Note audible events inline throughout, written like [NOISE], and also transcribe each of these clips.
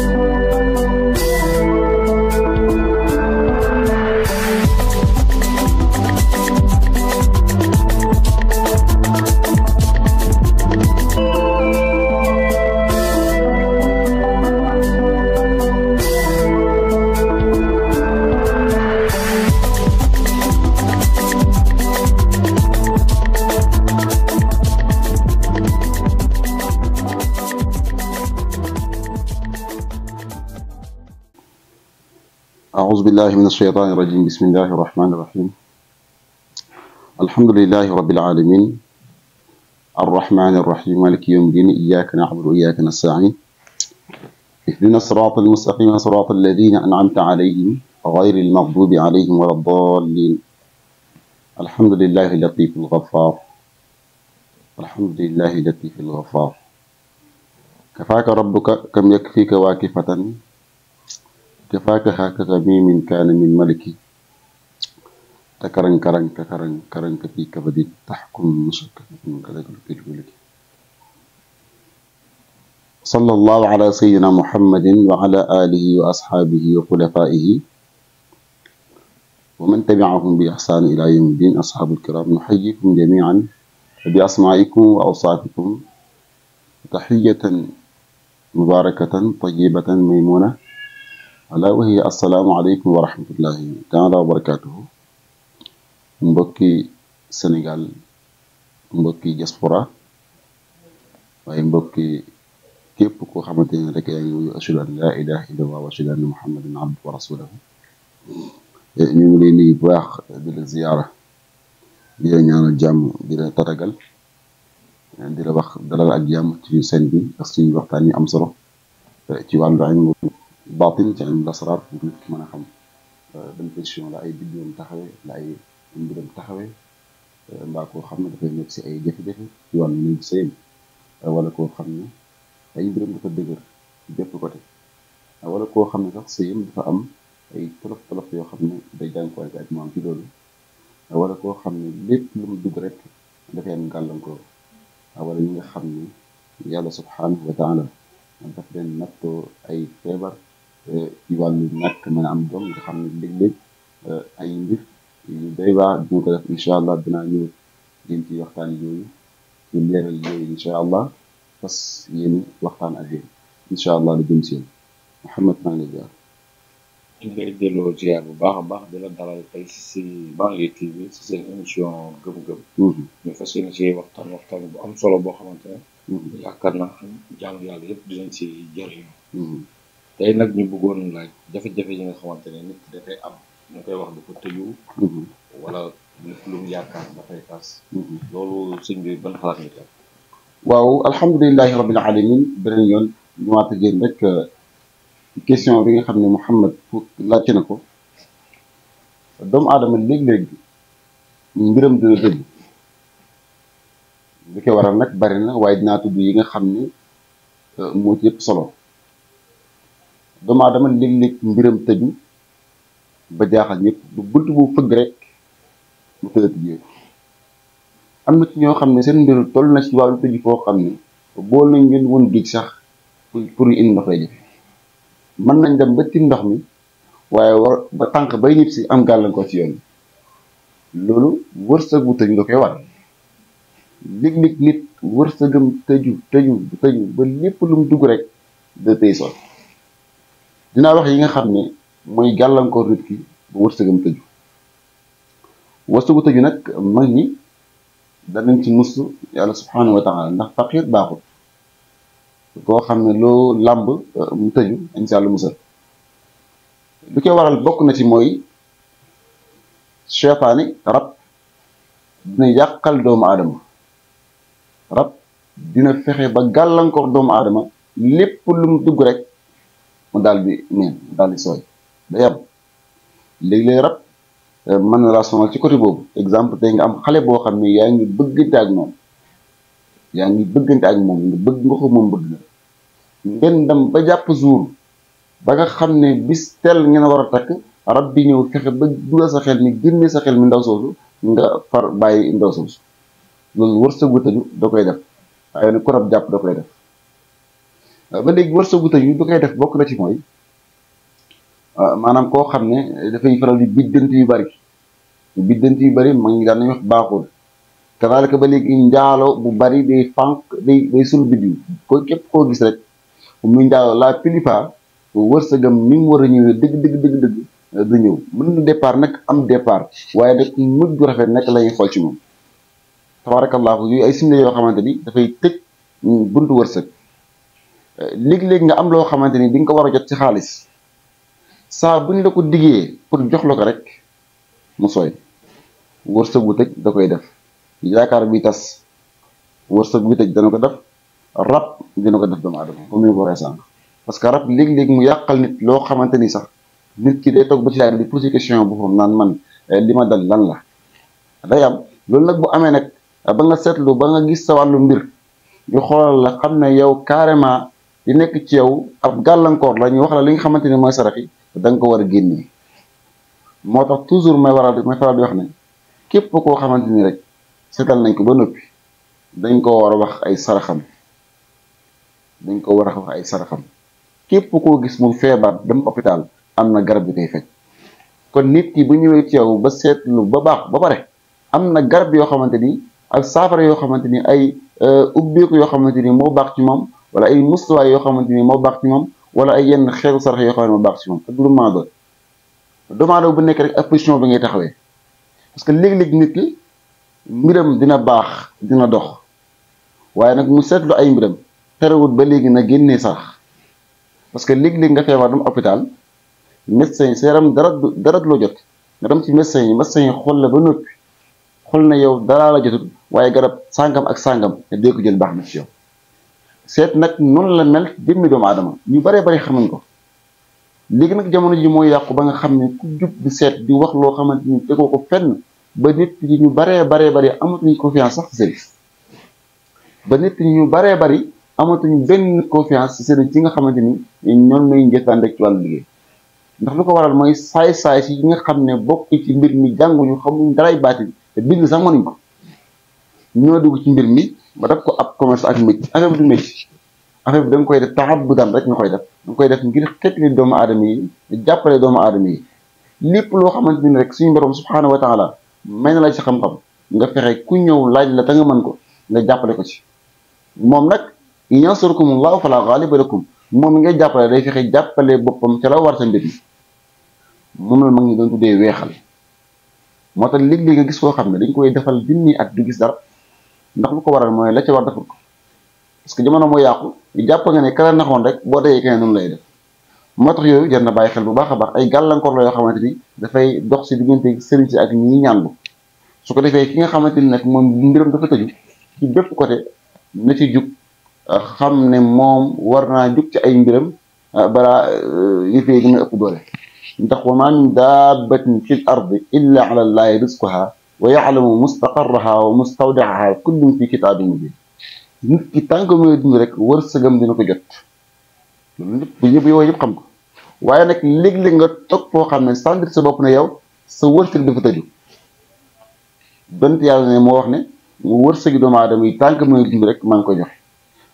Thank you. بالله من الشيطان الرجيم بسم الله الرحمن الرحيم الحمد لله رب العالمين الرحمن الرحيم مالك يوم الدين إياك نعبد وإياك نستعين اهدنا الصراط المستقيم صراط الذين أنعمت عليهم غير المغضوب عليهم ولا الضالين الحمد لله اللطيف الغفار الحمد لله اللطيف الغفار كفاك ربك كم يكفيك واكفة كفاك هكذا بي من كان من ملكي تكرن كرن كرن كرن كفي كبدي تحكم مسك من كذا لك صلى الله على سيدنا محمد وعلى آله وأصحابه وخلفائه ومن تبعهم بإحسان إلى يوم الدين أصحاب الكرام نحييكم جميعا بأسمائكم وأوصافكم تحية مباركة طيبة ميمونة الا وهي السلام عليكم ورحمه الله تعالى وبركاته مبكي سنغال مبكي جاسبورا واي مبكي كيب كو خامتيني رك ياغي اشهد ان لا اله الا الله واشهد ان محمد عبد ورسوله ني نغي نوي بواخ دي الزياره دي نيانو جام دي لا تاتغال دي لا واخ دلال اك جام تي سين بي اك سين واخ تاني ام سورو تي والو baatin ci am mën a xam euh, ban position la ay biddiwam taxawee la ay mbiram taxawee euh, mbaa koo xam ne dafay nekk si ay jafe-jafe ci wàllu néeg sëyam euh, wala koo xam ne ay mbiram dafa dëgër ko bépp koo xam ne sax sëyam dafa am ay tolof tolof yoo xam ne day jànkuwante ak moom ci loolu wala koo xam ne lépp lu mu dugg rek dafay am gàllankoor wala ñi nga xam ne yàlla subhanahu wa ay feebar ci wàllu ñàkk mën a am doom nga xam ne léeg-léeg ay mbir yu doy waa dina ko def incha allah dinaa ñëw ngeen ci waxtaan yooyu ci leeral yooyu incha allah fas yéeni waxtaan ak yéen incha allah la jëm seen Mouhamed maa ngi lay jaar ñu ngi lay delloo ziar bu baax a baax di la dalal tey si si Banlieue TV si seen émission gëm-gëm ñu fas yéene si waxtaan waxtaan bu am solo boo xamante ne yaakaar naa xam jaamu yàlla yëpp dinañ si jëriñoo tey nag ñu bëggoon laaj jafe-jafe yi nga xamante ne nit dafay am ñu koy wax dafa tëju. Mm-hmm. wala nit lu mu yaakaar dafay tas. Mm-hmm. loolu sëñ bi ban xalaat nga ci waaw alhamdulilahi rabbil alamin beneen yoon ñu waat génn rek euh, question bi nga xam ne Mouhamed pour laajte na ko doomu aadama léeg-léeg mbiram dina dëgg li koy waral nag bari na waaye dinaa tudd yi nga xam ni euh, moo ci solo. doomu aadama léeg-léeg mbiram tëju ba jaaxal ñëpp bu bunt bu fëgg rek mu tëdd tëju am na ci ñoo xam ne seen mbir toll na ci wàllu tëju foo xam ne bool nañ leen woon dig sax pour pour indi ndox lay jafe mën nañ dem ba tim ndox mi waaye war ba tànk bay ñëpp si am gàllankoor ci yoon loolu wërsëg bu tëju da koy war léeg-léeg nit wërsëgam tëju tëju ba lépp lu dugg rek da tey sol dinaa wax yi nga xam ne mooy gàllankoor nit ki bu wërsëgam tëju wërsëgu tëju nag mag ñi danañ ci mus yàlla subhanahu wa taala ndax faqir baaxul koo xam ne loo làmb euh, mu tëju insha allah musal lu koy waral bokk na ci mooy cheytaani rab dina yàqal doomu aadama rab dina fexe ba gàllankoor doomu aadama lépp lu mu dugg rek mu daal di neen mu daal di sooy day am léeg-léeg rab euh, mën na laa sonal ci côté boobu exemple tey nga am xale boo xam ne yaa ngi bëggante ak moom yaa ngi bëggante ak moom nga bëgg nga ko moom bëgg na ngeen dem ba jàpp jour ba nga xam ne bis tel ngeen war a takk rab bi ñëw fexe ba dugal sa xel mi génne sa xel mi ndaw soosu nga far bàyyi ndaw soosu loolu wërsëgu tëju da koy def waaye nag ku rab jàpp da koy def Euh, ba léegi wërsëgu tëju bi koy def bokk na ci mooy euh, maanaam koo xam ne dafay faral di biddant yu bari biddant yu bari mag ñi daan nañu wax baaxul kazaalika ba léegi njaalo bu bari day fànq day day sul biddiw ko képp koo gis rek muy njaalo la plupart wërsëgam ni mu war a ñëwee dëgg dëgg dëgg dëgg euh, du ñëw mën na départ nag am départ waaye nag mujj bu rafet nekk la ñuy xool ci moom tabaarakallaahu yooyu ay simila yoo xamante ni dafay tëj mm, buntu wërsëg lig lig nga am lo xamanteni bi nga wara jot ci xaliss sa buñ la ko diggé pour jox la ko rek mu soy wërsëg bu tej da koy def yaakar bi tass wërsëg bu tëj dana ko def rab dina ko def dama aadama comme ni ko parce que rap lig lig mu yakal nit lo xamanteni sax nit ki day tok ba ci yaay di poser question bu xom nan man eh, lima dal lan la day am lool nak bu amé nak ba nga setlu ba nga gis sa walu mbir ñu xolal la yow carrément li nekk ci yow ab gàllankoor la ñu wax la li nga xamante ne mooy sarax yi da ko war a génnee moo tax toujours may waral may faral yoo wax ne képp koo xamante ni rek seetal nañ ko ba noppi dañ ko war a wax ay saraxam dañ ko war a wax ay saraxam képp koo gis mu feebar dem hôpital am na garab kon nit ki ñëwee ci yow ba seetlu ba baax ba pare am na garab yoo xamante ni ak saafara yoo xamante ni ay euh, ubbeeku yoo xamante ni moo baax ci moom wala ay mustuwaay yoo xamante ni moo baax ci moom wala ay yenn xeetu sarax yoo xam ne moo baax ci moom ak lu maa doon bu nekk rek bi ngay taxawee parce que léeg-léeg nit ki mbiram dina baax dina dox waaye nag mu seetlu ay mbiram terewut ba léegi na génne sarax parce que léeg-léeg nga feebar dem hôpital médecin sa yaram dara dara jot nga dem ci médecin yi médecin yi xool la ba noppi xool na yow daraa la jotul waaye garab sàngam ak sàngam nga dee ko jël baax na ci yow seet nag noonu la mel jëmmi doomu aadama ñu baree bari xamuñ ko léegi nag jamono ji mooy yàqu ba nga xam ne ku jub di seet di wax loo xamante ni tegoo ko fenn ba nit yi ñu baree baree bari amatuñu confiance sax ba nit ñu baree bari amatuñu benn confiance ci sëriñ ci nga xamante ni ñoom lañuy njëkkaan rek ci wàllu liggéey ndax lu ko waral mooy saay-saay si yi nga xam ne bokk ci mbir mi jànguñu xamuñ daray baati te bind sax mënuñ ko ñoo dugg ci mbir mi ba def ko ab commerce ak métier affaire bi du métier affaire bi da koy def taxabudan rek nga koy def da nga koy def ngir xettali doomu aadama yi jàppale doomu aadama yi lépp loo xamante ni rek suñu borom subhaanahu wa taala may na la ci xam-xam nga fexe ku ñëw laaj la ta nga mën ko nga jàppale ko ci moom nag yansurkumullaahu falaa gaaliba lakum moom ngay jàppale day fexe jàppale boppam ca la war sa mbir mi moom la mag ñi doon tuddee weexal moo tax léeg-léeg nga gis koo xam ne dañ koy defal junni at du gis dara ndax lu ko waral mooy la ci war deful ko parce que jamono moo yàqu jàpp nga ne kala naxoon rek boo dee keneen noonu lay def moo tax yooyu jar na bàyyi xel bu baax a baax ay gàllankoor la yoo xamante ni dafay dox si diggante sëriñ si ak ñi ñaanlu su ko defee ki nga xamante ni nag moom mbiram dafa tëju ci bépp côté na ci jug euh, xam ne moom war naa jug ci ay mbiram euh, balaa euh, yëfee gën a ëpp doole ndax wa maa min daabbatin fil ardi illa ala llaahi rizquhaa wa yaalamu mustaqarraha wa mustawdaaha kullum fi kitaabin mubiin nit ki tànk mooy dund rek wërsëgam dina ko yëpp xam ko waaye nag léeg-léeg nga toog foo xam ne sentir sa bopp na yow sa wërsëg dafa tëju bant yàlla ne moo wax ne mu wërsëgi doomu aadama yi tànk mooy dund rek maa ngi ko jox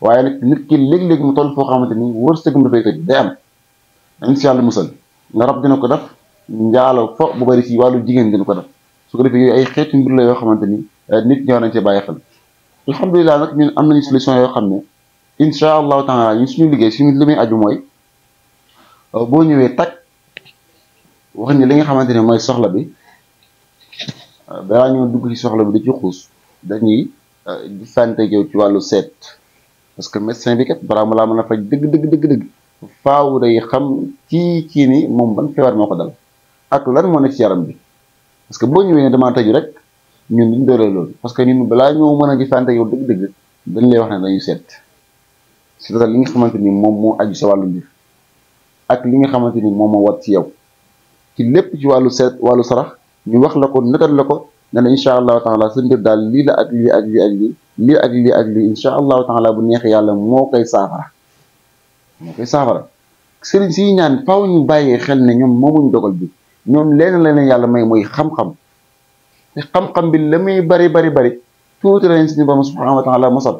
waaye nag nit ki léeg-léeg mu toll foo xamante ni wërsëgam dafay tëju day am incha allah musal nga rab dina ko def njaalo fo bu bari ci wàllu jigéen dina ko def su ko defee yooyu ay xeetu mbir la yoo xamante ni eh, nit ñoo nañ cee bàyyi xel alhamdulilah nag ñun am nañu solution yoo xam ne incha allahu taala ñun suñu liggéey suñu li muy aju mooy eh, boo ñëwee tag wax ni li nga xamante ne mooy soxla bi eh, balaa ñoo dugg ci soxla bi di ci xuus dañuy di sante yow ci wàllu seet parce que médecin bi kat balaa ma laa mën a faj dëgg dëgg dëgg dëgg faaw day xam ci kii ni moom ban feebar moo ko dal ak lan moo ne ci yaram bi parce que boo ñëwee ne damaa tëju rek ñun duñ doole loolu parce que ñun balaa ñoo mën a jëfante yow dëgg-dëgg lay wax ne dañuy seet cest li nga xamante ni moom moo aju sa wàllu mbir ak li nga xamante ni moom moo wat ci yow ci lépp ci wàllu seet wàllu sarax ñu wax la ko nëtal la ko ne la allah allahu taala sa mbir daal lii la ak lii ak lii ak lii lii ak lii ak lii incha allahu taala bu neexee yàlla moo koy saafara moo koy saafara sëriñ si ñaan faaw ñu bàyyee xel ne ñoom moomuñ dogal bi ñoom leen la leen yàlla may mooy xam-xam te xam-xam bari bari bari tuuti la leen suñu borom subhanahu wa taala mosal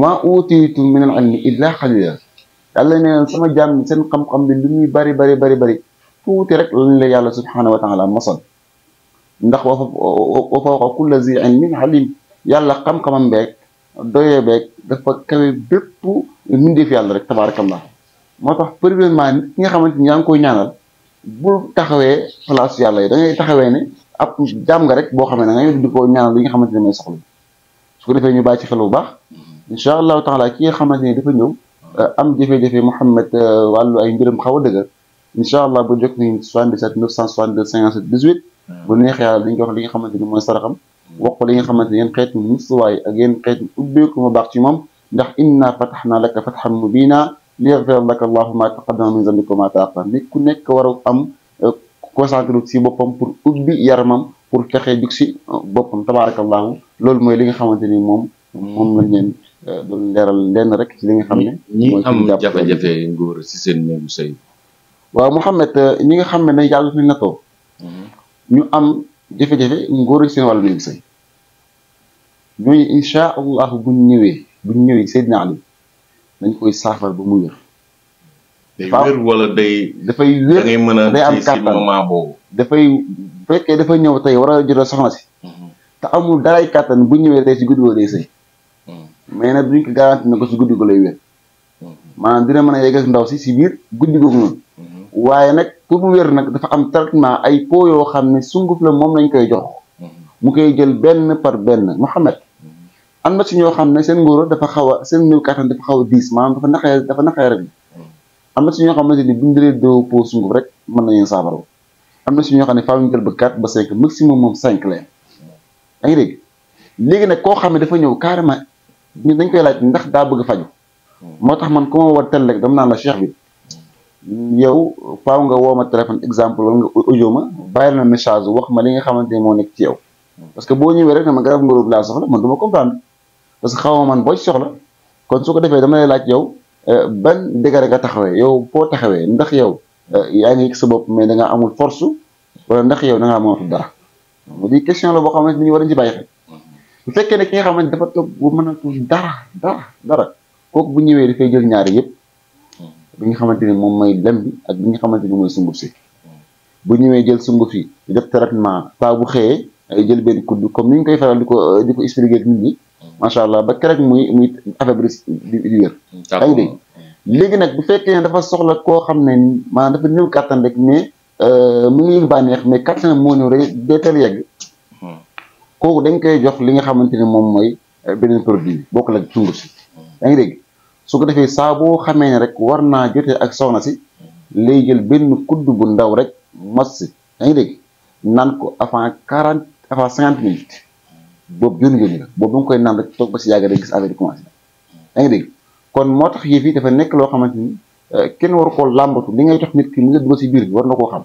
maa utiitum min al ilmi illa xalila yàlla xam-xam bi lu muy bari bari bari bari tuuti la yàlla ndax wa wa yàlla xam-xamam beeg dafa kawe bépp mbindeef yàlla rek tabaarakallah moo tax premièrement nit ki nga xamante ni yaa ngi koy ñaanal boo taxawee place yàlla yi da ngay taxawee ne ab jaam nga rek boo xamee da ngay di ko ñaanal li nga xamante ne mooy soxla su ko defee ñu bàyyi ci xel bu baax mm-hmm. incha allahu taala ki nga xamante ne dafa ñëw am jafe-jafe Mouhamed euh, wàllu ay mbiram xaw a dëgër incha allah bu jokk nañu 77 962 57 18 bu neex yàlla dañ ko wax li nga xamante ne mooy saraxam mm-hmm. wax ko li nga xamante ne yéen xeetu musuwaay ak yéen xeetu ubbeeku ma baax ci moom ndax inna fataxnaa laka fatxan ليغفر لك الله ما تقدم من ذنبك وما تأخر نيت كو نيك وارو ام كونسانترو سي بوبام بور اوبي يارمام بور فخي ديك سي بوبام تبارك الله لول موي ليغا خامتيني موم موم لا نين دون ليرال لين رك سي ليغا خامني ني ام جافا جافا نغور سي سين نيم سي وا محمد نيغا خامني ني يالو ني نكو ني ام جافا جافا نغور سين والو نيم سي ني ان شاء الله بو نيوي بو نيوي سيدنا علي dañ koy safar ba mu wér day wër wala day da fay wër day am kàttan moment bo boobu dafay fekkee dafa ñëw tey war a jot soxna si mhm. te amul daray kàttan bu ñëwee tey ci guddu wala day sëy mhm. mais na duñ ko garanti na ko ci guddu go lay wér mhm. maanaam dina mëna a yegg ak ndaw si si biir guddi googu noonu waaye nag pour mu wér nag dafa am traitement ay po yo xamné sunguf la mom lañ koy jox mu koy jël benn par benn muhammad am na ci ñoo xam ne seen ngóoro dafa xaw a seen néew kàttan dafa xaw a diis maanaam dafa naqare dafa naqare bi am na ci ñoo xam ne ni buñ dalee doo po sunguf rek mën nañu saabara am na ci ñoo xam ne faaw ñu jël ba 4 ba 5 maximum moom 5 la yaa ngi dégg léegi nag koo xam ne dafa ñëw carrément ñu dañ koy laaj ndax daa bëgg faju moo tax man ku ma woo tel rek dama naan la cheikh bi yow faaw nga woo ma téléphone exemple wala nga audio ma bàyyi na message wax ma li nga xamante ni moo nekk ci yow parce que boo ñëwee rek ne ma garab ngóoróor laa soxla man du ma comprendre parce que xaw ma man boo ci soxla kon su ko defee dama lay laaj yow euh, ban dégare nga taxawee yow boo taxawee ndax yow euh, yaa ngi yëg sa bopp mais da nga amul force wala ndax yow da ngaa mënatul dara di question la boo xamante ni ñu war a ci bàyyi xel bu fekkee ne ki nga xamante dafa toog bu mënatul dara dara dara kooku bu ñëwee dafay jël ñaari yëpp bi nga xamante ni moom mooy lem ak bi nga xamante ni mooy sunguf si bu ñëwee jël sunguf yi def traitement saa bu xëyee jël benn kudd comme ni ñu koy faral di ko di ko expliquer nit ñi macha allah ba keroog muy muy affaire bi di wér. yaa ngi dégg léegi nag bu fekkee ne dafa soxla koo xam ne maanaam dafa néew kàttan rek mais euh, mu ngi yëg bànneex mais kàttan moo ñëw rek day yegg. Hmm. kooku dañ koy jox li nga xamante ne moom mooy euh, beneen produit book bokkul ak sunguf si. yaa ngi dégg su ko defee saa boo xamee ne rek war naa jotee ak soxna si léegil jël benn kudd bu ndaw rek mos si yaa ngi dégg naan ko avant quarante avant cinquante minutes. boobu jóni jóni la nga koy naan rek toog ba si yàgg rek gis affaire yi commencé da nga kon moo tax yëf dafa nekk loo xamante ni euh, kenn war koo làmbatu li ngay tax nit ki li nga dugal si biir bi war na koo xam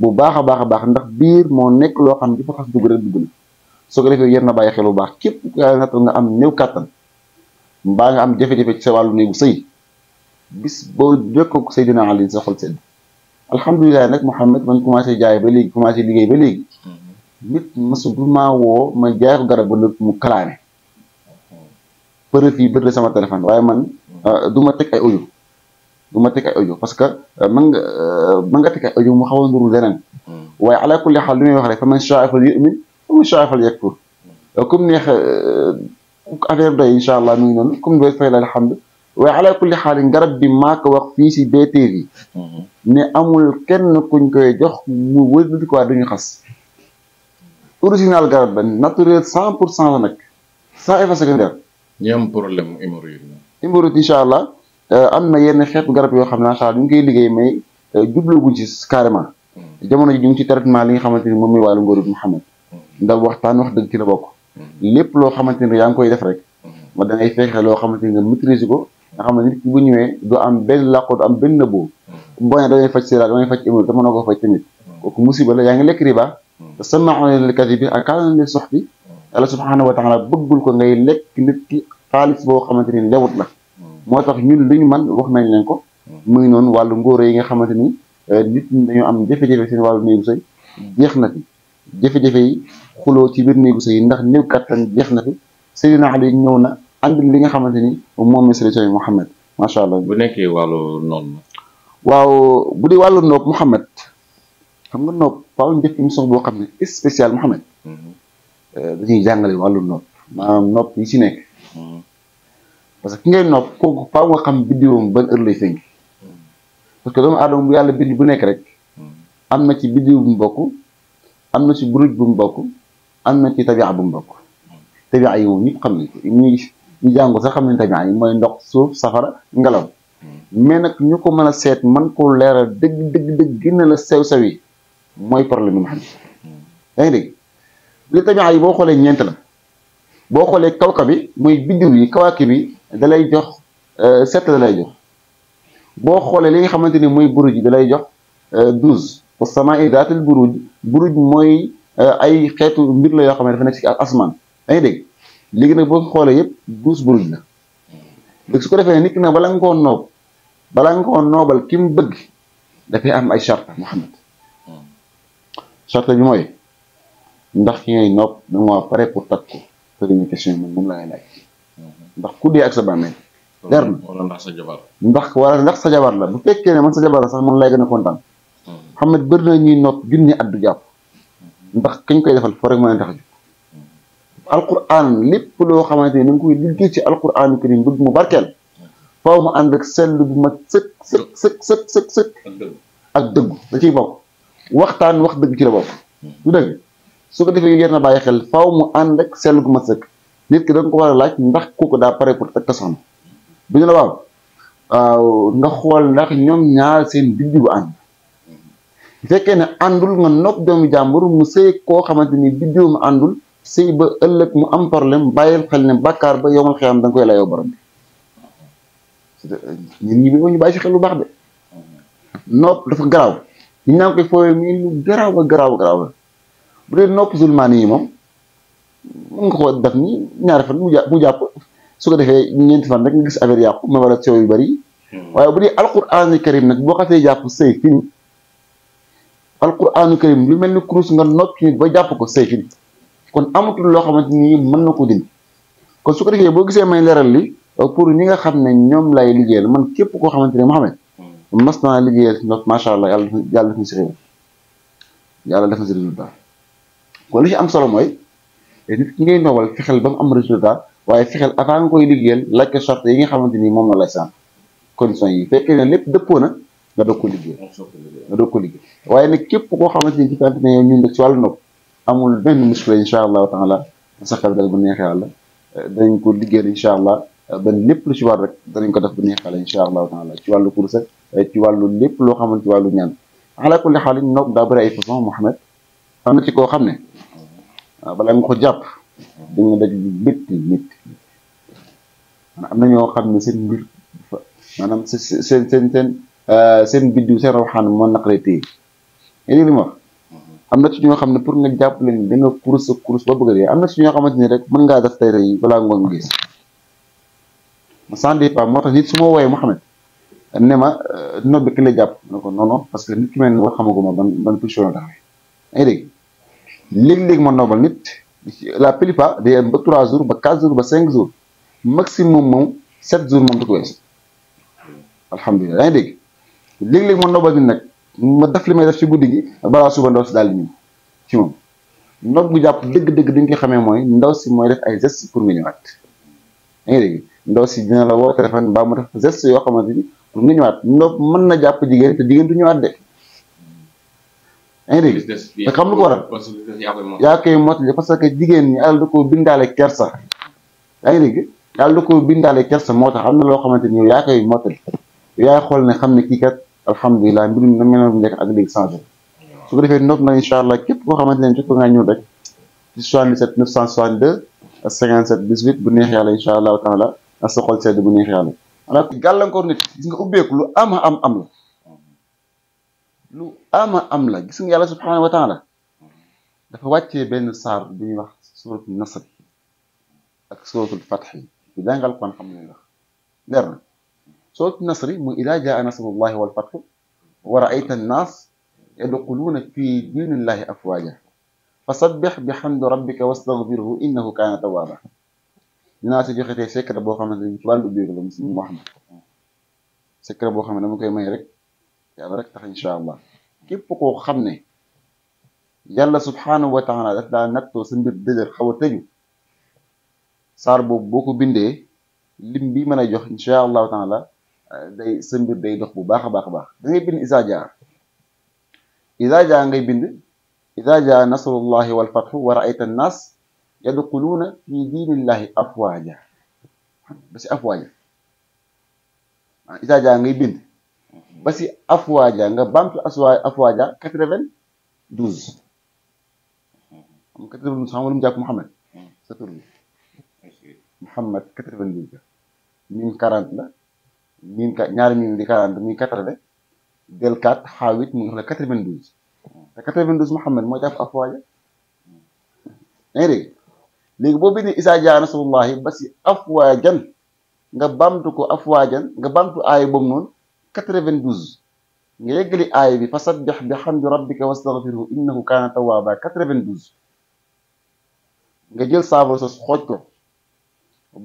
bu baax a baax a baax ndax biir moo nekk loo xam ne dafa xas dugg rek dugg na soo ko defee yéen na bàyyi xel baax képp yaa nattal nga am néew kàttan mbaa nga am jafe-jafe ci sa wàllu néegu sëy bis boo jokkoo ko Seydina Ali sa xol sedd alhamdulilah nag Mouhamed man commencé jaay ba léegi commencé liggéey ba léegi nit masu mësul ma wo ma jaar ko garab lu mu kalaame preuve yi beul sama téléphone waye man duma tek ay audio duma tek ay audio parce que man nga man nga tek ay audio mu xawal a lenen waye ala kulli hal li wax rek man shaa fa yu'min wa man shaa fa yakfur kum neex affaire doy inshallah allah mi ngi noonu doy fay la alhamdu waaye ala kulli hal garab bi ma ko wax fi ci BTV ne amul kenn kuñ koy jox mu wër ko waa duñu xas. original garab ba naturel cent pour cent la nag sans effet secondaire. ñi am problème mu hémorroïde. hémorroïde incha allah euh, am na yenn xeetu garab yoo xam ne incha allah ñu ngi koy liggéey mais euh, jubluwuñ ci carrément. Hmm. jamono ji ñu ngi ci traitement li nga xamante ni moom mooy wàllu ngóor Mouhamed. Hmm. ndax waxtaan wax dëgg ci la bokk. Hmm. lépp loo xamante ni yaa ngi koy def rek. ma da ngay fexe loo xamante ni nga maîtriser ko. nga xam ne nit bu ñëwee du am benn làqu am benn nëbbu. boo nee damay faj sida damay faj hémorroïde dama noo ko yaa ngi lekk riba sama'una lil kadhibi akaaluna li suhti yàlla subhaanahu wa taala bëggul ko ngay lekk nit ki xaalis boo xamante ni lewut la moo tax ñun lu ñu man wax nañ leen ko mu ngi noonu wàllu ngóoro yi nga xamante ni eh, nit ñi am jafe-jafe seen wàllu néegu sëy jeex na fi jafe yi xuloo ci biir néegu sëy ndax néew kattan jeex na fi Seydina Ali ñëw na andi li nga xamante ni moom mi solution yi Mouhamed macha allah. bu nekkee wàllu noonu. waaw bu dee wàllu noog xam nga nopp faaw ñu def émission boo xam ne spécial Mouhamed. Mhm. Euh, dañuy jàngale wàllu nopp maanaam nopp yi ci nekk. Mhm. parce que ki ngay nopp kooku faaw nga xam biddiwam ban heure lay feeñ. Mhm. parce que doomu aadama bu yàlla bind bu nekk rek. am na ci biddiw bu mu bokk. am na ci buruj bu mu am na ci tabia bu mu bokk. tabia yi moom ñëpp xam nañ ko ñuy ñu jàngu sax xam ne tabia yi mooy ndox suuf safara ngelaw. mais nag ñu ko mën a seet man koo leeral dëgg dëgg dëgg gën a la sew sew yi. mooy problème mu xadis yaa ngi dégg li tabia yi boo xoolee ñeent la boo xoolee kawka bi muy biddiw yi kawaakib bi da lay jox euh, sept da lay jox boo xoolee li nga xamante ni mooy buruj yi dalay jox euh, douze wa samaa'i daatil buruj buruj mooy euh, ay xeetu mbir la yoo xam ne dafa nekk ci asmaan yaa ngi dégg léegi nag boo xoolee yëpp douze buruj la léegi su ko defee nit ki nag bala nga koo noob bala nga koo noobal ki mu bëgg dafay am ay charte Muhammad charte bi mooy ndax ki ngay nopp dama pare pour takk première question yi moom mhm. ndax ku dee ak sa bàmmeel leer na wala ndax sa jabar ndax ndax sa jabar la bu fekkee ne man sa jabar la sax man lay gën a kontaan mhm. xam ne bëri na ñuy nopp junni at du jàpp mhm. ndax kañ koy defal foo rek mën a tax alquran lépp loo xamante ni da nga koy liggéey ci alquran karim bëgg mu barkeel faaw mu ànd sell bu mag sëkk sëkk sëkk sëkk sëkk ak dëggu da ciy bokk waxtaan wax dëgg ci la bopp du dëgg su ko defee yéen a bàyyi xel faaw mu ànd ak sell gu ma sëkk nit ki da nga ko war a laaj ndax kooku daa pare pour takk soxna bu ñu la waaw nga xool ndax ñoom ñaar seen biddi bu ànd àndul nga nopp doomu jàmbur mu sëy koo xamante ni biddiwu àndul sëy ba ëllëg mu am problème bàyyil xel ne bàkkaar ba yowmal xiyam da koy layoo borom bi ñun ñi bi ñu xel bu baax de nopp dafa garaaw ñu naan koy fooyee mi lu garaaw a garaaw a bu dee nopp zulmaani yi moom mën nga ko def ni ñaari fan mu jàpp mu jàpp su ko defee ñeenti fan rek nga gis affaire yàqu ma war a coow yu bari hmm. waaye bu dee alquraanu karim nag boo xasee jàpp say fin alquraanu karim lu mel ni kurus nga noppi nit ba jàpp ko say fin kon amatul loo xamante ni mën na ko dindi kon su ko defee boo gisee may leeral li pour ñi nga xam ne ñoom lay liggéeyal man képp koo xamante ne Mouhamed mas naa liggéeyal ci macha allah yàlla yàlla def na si réew yàlla def na si résultat kon li ci am solo mooy nit ki ngay noobal fexeel ba mu am résultat waaye fexel avant nga koy liggéeyal laaj ko charte yi xamante ni moom la lay sant conditions yi fekkee ne lépp dëppoo na nga doog ko liggéey nga doog ko liggéey waaye nag képp koo xamante ni ci tànt ne ñun de ci wàllu nopp amul benn muskila incha allahu taala sa xel dal bu neexee yàlla danañ ko liggéeyal incha allah ba lépp lu ci war rek danañ ko def bu neexee yàlla incha allahu ci wàllu course ci walu lepp lo xamne ci walu ñaan ala kulli halin nok da bari ay muhammad Mouhamed am ci ko xamne ne balaa nga ko jàpp dañu daj lu métti métti am na ñoo xam seen mbir manam seen seen seen euh seen biddu seen rohan mo naqaree téye yéen li ma am na ci ño xamne pour nga japp leen da nga course course ba bëgg a am na ci ño xamante rek mën ngaa def tey tey balaa ngon gis ma sandi pa moo tax nit suma ma wooyee ne ma euh, nob bi ki la jàpp ne ko non parce que nit ki mel ne war xamaguma la taxawee. yaa ngi dégg léegi-léegi ma nobal nit la plupart ba 3 jours ba 4 jours ba 5 jours maximum moom 7 jours moom du ko weesu alhamdulilah yaa ngi dégg léegi-léegi ma nobal nit nag ma def li may def ci guddi gi balaa suba ndaw si daal di ñëw ci moom. nob gu jàpp dëgg-dëgg dañ koy xamee mooy ndaw si mooy def ay gestes pour nga ñëwaat yaa ngi dégg ndaw si dina la woo téléphone mbaa mu def gestes yoo xamante ni mën nga ñëwaat ndox mën na jàpp jigéen te jigéen du ñëwaat de. yaa ngi dégg te xam lu ko waral yaa koy mottali parce que jigéen ñi yàlla da koo bindaale kersa. yaa ngi dégg yàlla da koo bindaale kersa moo tax am na loo xamante ni yaa koy mottali yaay xool ne xam ne kii kat alhamdulilah mbir mi na meloon bu njëkk ak léegi changé su ko defee noot na incha allah képp koo xamante ne jot ko ngaa ñëw rek ci 77 962 57 18 bu neex yàlla incha allahu taala ak sa xol sedd bu neex maanaam gàllankoor nit gis nga ubbeeku lu ama am am la lu ama am la gis nga yàlla subhaanahu wa taala dafa wàccee benn saar bu ñuy wax suratul nasr ak suratul fatx yi bu jàngal kon xam ne wax leer na suratul nasr mu idaa jaa nasrullahi wal fatxu wa raayta annaas yadxuluuna fi diinillahi afwaaja fa sabbix bixamdi rabbika wastaxfirhu innahu kaana tawaaba dinaa si joxe tey secret boo xamante ni ci wàllu biir la mu wax na secret boo xam ne dama koy may rek tax incha allah képp koo xam ne yàlla subhanahu wa taala daf daa nattoo sa mbir dëgër xaw a saar boobu boo ko bindee lim bi mën a jox incha allahu taala day sa mbir day dox bu baax a baax a baax da ngay bind isa jaa isa jaa ngay bind isa jaa nasrullahi wal fathu wa raayta yadxuluuna fi diinillahi afwaaja ba si afwaaja ah, isaa jaa ngay bind ba si afwaaja nga bamtu aswa afwaaja quatre-vingt-douze quatre-vingt-douze xam nga lu mu jàpp sa tur bi Mouhamed quatre-vingt-douze mille quarante la mille ñaari mille di quarante muy quatre-vingt douze te quatre-vingt-douze Mouhamed mooy jàpp afwaaja yaa ngi léegi boo bindee isaa jaa nasrullahi ba si afwaajan nga bamtu ko afwaajan nga bamtu aaya boobu noonu 92 nga yeggali aaya bi fa sabbih bi hamdi rabbika wastaghfirhu innahu kaana tawwaaba 92 nga jël saabu sos xooj ko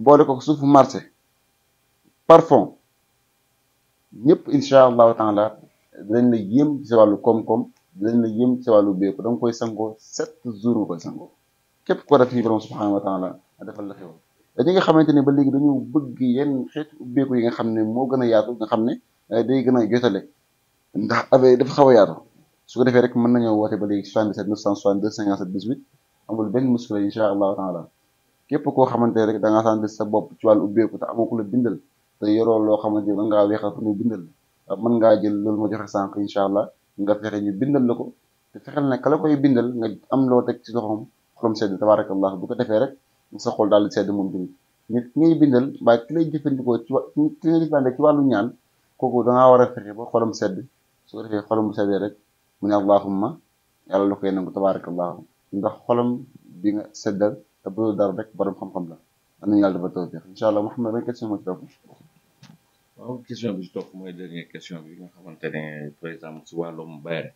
boole ko suufu marché parfum ñëpp incha allahu taala dinañ la yéem ci sa wàllu koom-koom dinañ la yéem ci sa wàllu béeku da koy sangoo sept jours nga koy sangoo képp ko rafetlu borom subhanahu wa taala defal la xewal ñi nga xamante ne ba léegi dañu bëgg yenn xeetu ubbeeku yi nga xam ne moo gën a yaatu nga xam ne eh, day gën a jotale ndax avec dafa xaw a su ko defee rek mën nañoo woote ba léegi 77 962 57 18 amul benn muskila incha allahu taala képp koo xamante rek da ngaa sant sa bopp ci ubbeeku te amoo la bindal te yoroo loo xamante ne mën ngaa weexal pour ñu bindal ah, mën ngaa jël loolu ma joxe sànq incha allah nga fexe ñu bindal la ko te fexeel na ka la koy bindal nga am loo teg ci loxoom xolum sedd tabaraka allah bu ko defee rek sa xol daal di sedd moom tamit nit ki ngay bindal mbaa ki lay jëfandikoo ci wa ki lay jëfandikoo ci wàllu ñaan kooku dangaa war a fexe ba xolam sedd su ko defee xolam bu seddee rek mu ne allahumma yàlla lu koy nangu tabaraka allah ndax xolam bi nga seddal te bu dara rek borom xam-xam la am nañu yàlla dafa tawfiq incha allah Mouhamed ban question moo ci topp waaw question bi ci topp mooy dernière question bi nga xamante ne par exemple si wàllum bayre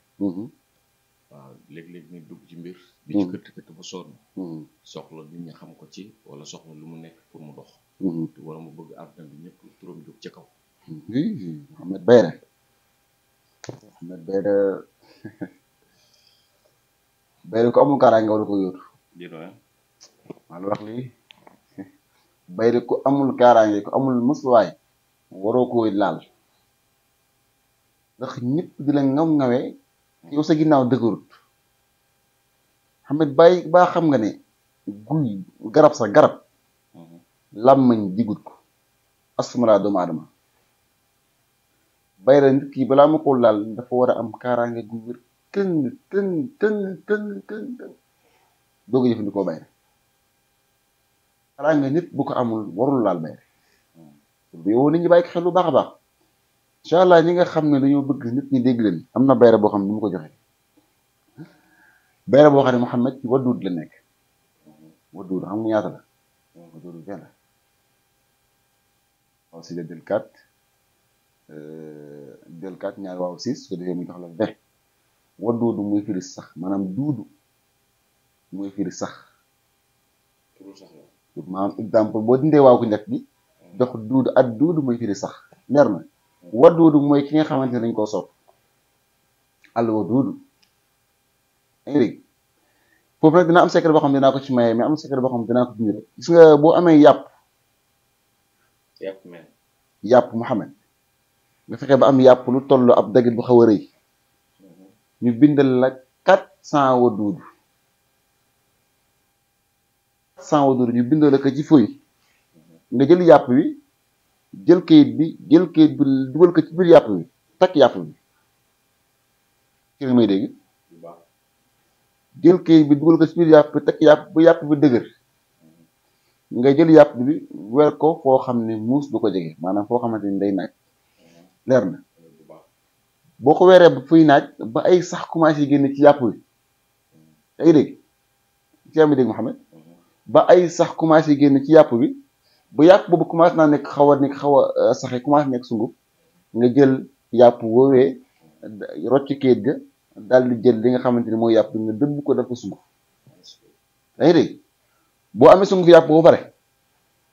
waaw léeg-léeg ñu dugg ci mbir. di ci hmm. këtt këtt ba sonn. Hmm. soxla nit ñi xam ko ci wala soxla lu mu nekk pour mu dox. Hmm. wala mu bëgg àdduna bi ñëpp turam jóg bay kaw. Ahmed [LAUGHS] ko amul kaaraange [LAUGHS] ku amul kaaraange ku amul musluwaay waroo ko laal ndax ñëpp di ngaw ngawee. yow sa ginnaaw dëgërut xam nga bàyyi baa xam nga ne guy garab sax garab làmmañ digut ko asmalaa doomu aadama bàyyi la nit ki balaa ma ko laal dafa war a am kaaraange gu wér këng këng këng këng këng këng doo ko jëfandikoo kaaraange nit bu ko amul warul laal bàyyi hmm. bu yow nit ñi bàyyi ko xel baax baax incha allah ñi nga xam ne dañoo bëgg nit ñi dégg leen am na bayra boo xam ne mu ko joxe bayra boo xam ne Muhammad ci waduud la nekk waduud xam nga ñaata la waduud vingt la waaw si la jël quatre euh, jël quatre ñaar waaw six su ko defee mu jox la vingt waduud muy firi sax maanaam duudu muy firi sax maanaam exemple boo dindee waaw ku njëkk bi jox duudu at duudu muy firi sax leer na wadduudu mooy ki nga xamante ne dañ koo sopp al wadduudu dégg foofu nag dina am secret boo xam ne dinaa ko ci maye mais am secret boo xam ne ko dindi gis nga boo amee yàpp yàpp Muhammad nga fexe ba am yàpp lu tollu ab dagit bu xaw a rëy ñu bind la quatre cent wadduudu quatre cent ñu bindal la ko ci fuy nga jël yàpp wi jël kayit bi jël kayit bi dugal ko ci biir yàpp bi takk yàpp bi ci may dégg jël kayit bi dugal ko ci biir yàpp bi takk yàpp bu yàpp bi dëgër nga jël yàpp bi weer ko foo xam ne muus du ko jege maanaam foo xamante ni day naaj leer na boo ko weeree ba fuy naaj ba ay sax commencé génn ci yàpp bi ay dégg ci am dégg Mouhamed ba ay sax commencé génn ci yàpp bi bu yàpp boobu commencé naa nekk xaw a nekk xaw a euh, saxe commencé nekk sunguf nga jël yàpp woowee euh, rocc kayit ga daal di jël li nga xamante ni mooy yàpp nga dëbb ko def ko sunguf yaa ngi dégg boo amee sunguf yàpp boo pare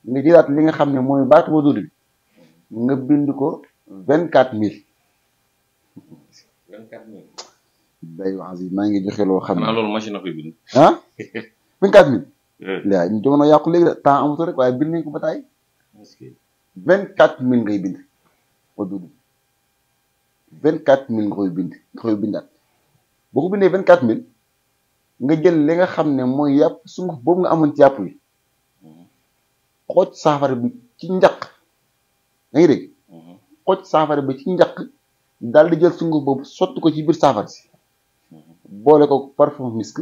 nga jëlaat li nga xam ne mooy baatu ba duud bi nga bind ko vingt quatre mille vingt quatre mille maa ngi joxee loo xam ne loolu machine a koy bind ah [LAUGHS] vingt quatre mille yaa ñu yàqu léegi de temps amatul rek waaye bind nañ ko ba taay. vingt quatre mille ngay bind nga koy bindaat boo ko bindee vingt quatre mille nga jël li nga xam ne mooy yàpp sunguf boobu nga amoon ci yàpp wi xooj saafara bi ci njaq da ngay mhm. xooj saafara bi ci njaq daal di jël sunguf boobu sotti ko ci biir saafara si mhm. boole ko parfum misk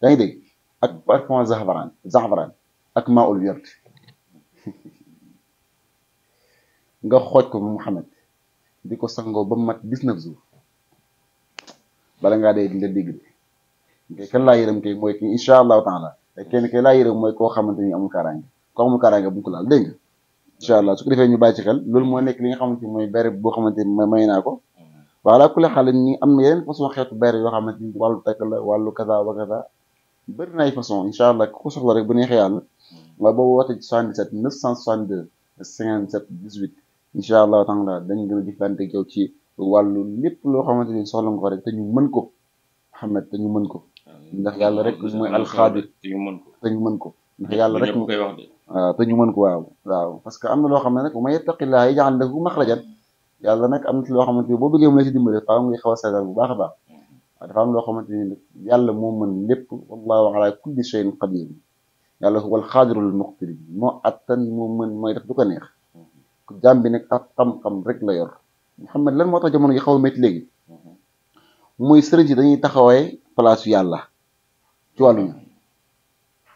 da ngay ak ak point zahvaran zahvaran ak maaul wird [LAUGHS] nga xooj ko Muhammad di ko sangoo ba mat dix-neuf jours bala ngaa dee nga dégg de kan laa yërëm kay mooy ki incha allahu taala te kenn kay yërëm mooy koo xamante ni amul kaaraange koo amul kaaraange bu ko laal dégg nga incha allah su ko defee ñu bàyyi ci xel loolu moo nekk li nga xamante ni mooy béréb boo xamante may naa ko voilà mm. ku la xale ni am na yeneen façon xeetu yoo xamante ni wàllu tekk la wàllu kaza bëri na ay façon incha allah ku ko soxla rek bu neexee yàlla nga boo wootee ci 77 962 57 18 incha allah taala dañ gën a jëflante yow ci wàllu lépp loo xamante ni soxla nga ko rek te ñu mën ko Mouhamed te ñu mën ko. ndax yàlla rek mooy alxaadir te ñu mën ko te ñu mën ko. ndax yàlla rek mu koy wax de. waaw te ñu mën ko waaw. waaw parce que am na loo xam ne nag bu ma yettaqillaa yaj'al lahu maxrajan yàlla nag am na ci loo xamante ni boo bëggee mu la si dimbale faaw ngay xaw a sagal bu baax a baax. waaye dafa am loo xamante ni yàlla moo mën lépp wallahu ala kulli shay'in qadir yàlla wal xaadirul muqtir bi moo attan moo mën mooy def du neex jaam bi nag ak xam-xam rek la yor Muhammad lan moo tax jamono gi xaw a métti léegi muy sëriñ si dañuy taxawee place yàlla ci wàllu ñaan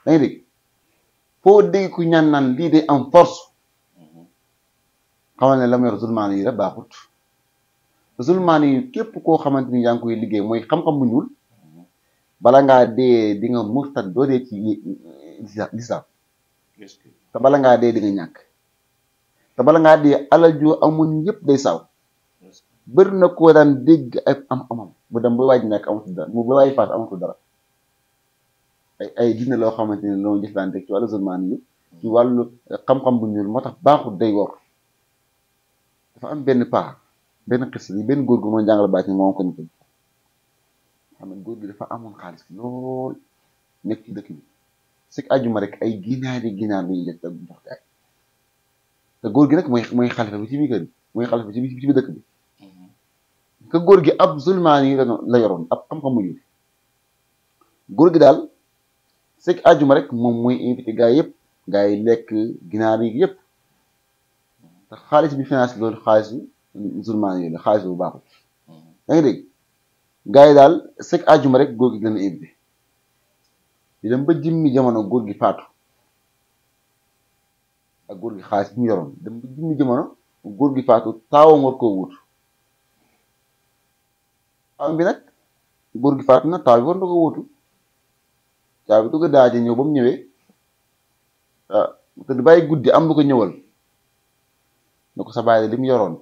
dañuy dégg foo dégg ku ñaan naan lii day am force xamal ne la mu yor zulmaan yi rek baaxut musulmaan yi képp koo xamante ni yaa ngi koy liggéey mooy xam-xam bu ñuul bala ngaa dee di nga murtad doo dee ci lislaam te bala ngaa dee di nga ñàkk te bala ngaa dee alal amuñ amoon yëpp day saaw bëri na koo daan dégg ak am amam bu dem ba waaj nekk amatul dara mu ba waaj faat amatul dara ay ay gis na loo xamante ne loolu jëflante ci wàllu musulmaan yi ci wàllu xam-xam bu ñuul moo tax baaxul day wor dafa am benn paa benn xis bi benn góor gu ma jàngal baat moom ko nit xam ne góor gi dafa amoon xaalis lool nekk ci dëkk bi sik ajuma rek ay ginaari ginaar lañuy def te jox jaay gi nag mooy mooy xalifa bi ci biir kër gi mooy xalifa bi ci biir dëkk bi que mm-hmm. góor ab zulmaani la yoroon ab xam-xamu yu góor gi daal sik ajuma rek moom mooy invité gaa yëpp gaa yi lekk ginaar yi yëpp te xaalis bi finance loolu xaalis bi musulmaan yi la xaalis bu baaxul. Mm-hmm. yaa ngi dégg yi daal sek àjjuma rek góor gi dana ibbi di dem ba jimmi jamono góor gi faatu ak góor gi xaalis bi mu yoroon dem ba jimmi jamono góor gi faatu taawam war taaw bi na ko wutu taaw bi du ko daaje ñëw bam ñëwee ah te du bàyyi guddi am lu ko ñëwal na ko sa bàyyi li mu yoroon.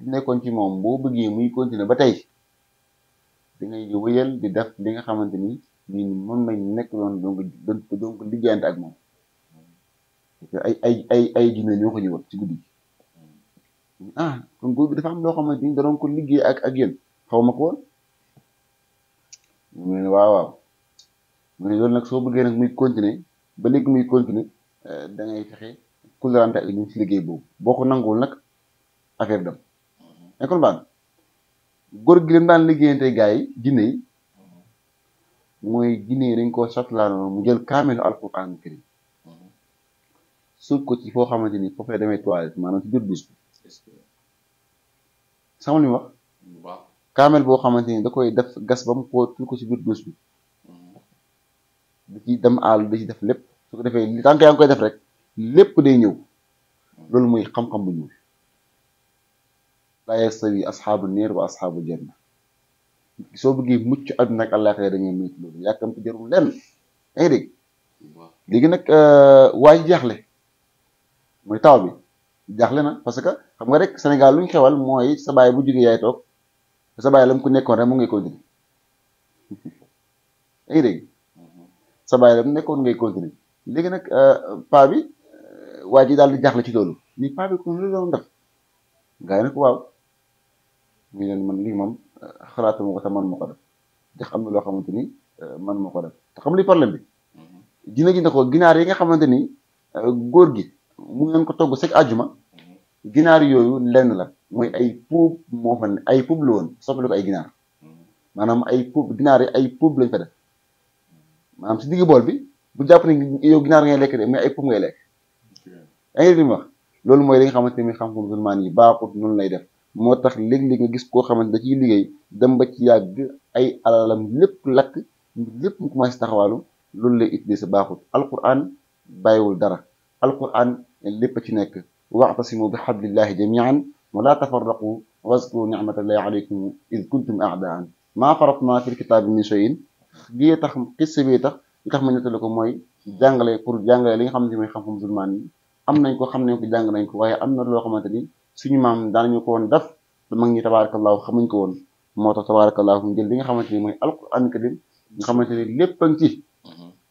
nekkoon ci moom boo bëggee muy continuer ba tey dangay wëyal di def li nga xamante ni ñun moom lañ nekk doon donc donc liggéeyante ak moom ay ay ay ay junne ñoo ko ñëwoon ci guddi gi ah kon góor dafa am loo xamante ni danoon ko liggéey ak ak xaw ma ko woon mu ne waaw waaw mu ne loolu nag soo bëggee nag muy continuer ba léegi muy continuer eh, da ngay fexe kullarante ak ñun ci liggéey boobu boo ko nanguwul nag affaire dem mais kon gi daan liggéeyante gars yi jinne yi mooy jinne yi dañ koo satlaanoon mu jël kaamelu alxuraan karim suuf ko ci foo xamante ni foofee demee toilette maanaam ci biir douche bi sama li mu wax kaamel boo xamante ni da koy def gas ba mu ko tuur ko ci biir douche bi mm-hmm. da ci dem àll da ci def lépp su ko defee li koy def rek lépp day ñëw mm-hmm. loolu mooy xam-xam bu ñuul laa yastawi asxaabu niir wa asxaabu janna soo bëggee mucc àdduna ak àllaaxira da ngay moytu loolu yàkkamti jarul lenn yaa ngi léegi nag euh, waa ji jaaxle mooy taw bi jaaxle na parce que xam nga rek Sénégal luñ ñu xewal mooy sa bu jógee yaay toog sa la mu nekkoon rek mu ngay continuer yaa ngi dégg mm-hmm. la mu nekkoon ngay continuer léegi nag euh, paa bi euh, waa ji daal di jaaxle ci loolu ni paa bi kon lu doon def gaa yi ne ko waaw ñu leen man lii moom xalaatuma ko man moo ko def te xam na loo xamante ni man ma ko def te xam li problème bi dina mm-hmm. gi ne ko ginaar yi nga xamante ni góor gi mu ngeen ko togg sek àjjuma mm-hmm. ginaar yooyu lenn la mooy ay puub moo fa ne ay puub la woon soppali ko ay ginaar mm-hmm. maanaam ay puub ginaar yi ay puub lañ fa def maanaam si digg bool bi bu jàpp ne yow ginaar ngay lekk de mais ay puub ngay lekk ay ngi leen loolu mooy li nga xamante ni xam-xam musulmaan yi baaxut noonu lay def moo tax léeg-léeg nga gis koo xamante da ciy liggéey dem ba ci yàgg ay alalam lépp lakk lépp mu commencé taxawaalu loolu lay utiliser baaxut alquran bàyyiwul dara alquran lépp ci nekk wa'tasimu bi hablillahi jamian wala tafarraqu waskuru nicmatallahi aleykum id kuntum aadaan maa faratna fil kitaabi min shay'in lii tax xissa bi tax li tax ma nettali ko mooy jàngale pour jàngale li nga xamante ni mooy xam-xam musulmaan yi am nañ ko xam nañ ko jàng nañ ko waaye am na loo xamante ni suñu mam maam ñu ko woon def mag ñi tabarakallah xamuñ ko won moo tax tabaarakallaahu mu jël li nga xamanteni moy alquran karim nga xamanteni ni lépp a ngi ci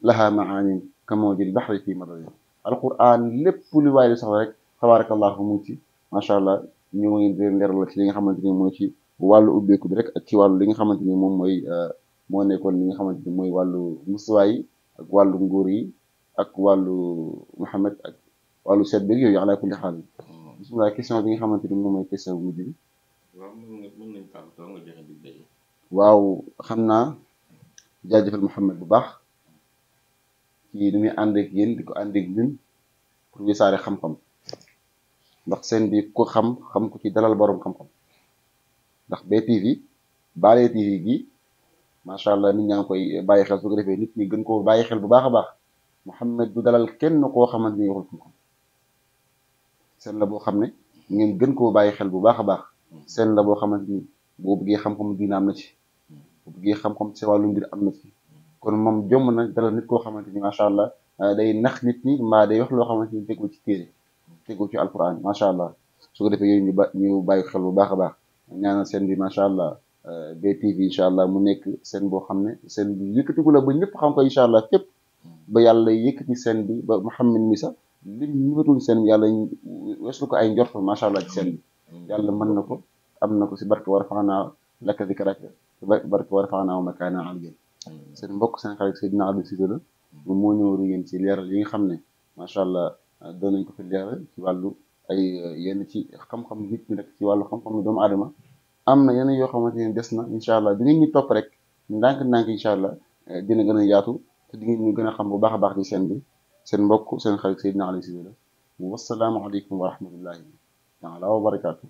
lahaa maanin kamoo jël baxri fi madadi alquran lépp lu waay di soxla rek tabarakallah mu ci ma sha allah ñu ngi leen leral ci li nga xamanteni ni ci walu ubbeeku bi rek ak ci walu li nga xamanteni mom moy mo nekkon li nga xamanteni moy walu wàllu ak walu nguur yi ak walu Muhammad ak wàllu seet beeg yooyu ala kulli hal bisimilah question bi nga xamante ni moom mooy waaw mën nga mën nañu xam naa jaajëfal Mouhamed bu baax kii ni muy ànd ak ko ànd ak ñun pour wisaare xam-xam ndax seen bi ku xam xam ko ci dalal borom xam-xam ndax BTV Bale TV gi macha allah nit ñaa koy bàyyi xel su ko defee nit ñi gën koo bàyyi xel bu baax a baax Mouhamed du dalal kenn koo xamante ni waxul xam-xam. sen la boo xam ne ngeen gën koo bàyyi xel bu baax a baax seen la boo xamante ni boo bëggee xam-xam diina am na ci boo bëggee xam-xam ci wàllu mbir am na ci kon moom jomb na dala nit koo xamante ni macha allah day nax nit ñi mbaa day wax loo xamante ni tegul ci téere tegul ci alquran macha allah su ko defee yooyu ñu ba ñu bàyyi xel bu baax a baax ñaanal seen bi macha allah BTV incha allah mu nekk sen boo xam ne seen bi yëkkatiku la ba ñëpp xam ko incha allah képp ba yàlla yëkkati sen bi ba muhammad Missa li ñëwatul seen yàlla weesu ko ay njort macha allah ci seen mm. yàlla man na ko am na ko si barke war faxanaa lakka di karaka si barke war faxanaa wa makaana aliyan mm. seen mbokk seen xarit Seydina Abdou Cissé la mm. moom moo ñëw yéen si leeral yi nga xam ne macha allah doon nañ ko fi leeral ci wàllu ay yenn ci xam-xam nit ñi rek wàllu xam-xam ni doomu aadama am na yenn yoo xamante ne des na incha allah di ngeen ñu topp rek ndànk-ndànk incha allah dina gën a yaatu te ngeen ñu gën a xam bu baax a baax ci seen bi seen mbokk seen xarit Seydina Aliou Cissé la wassalaamu aleykum wa rahmatullahi taala wa barakaatu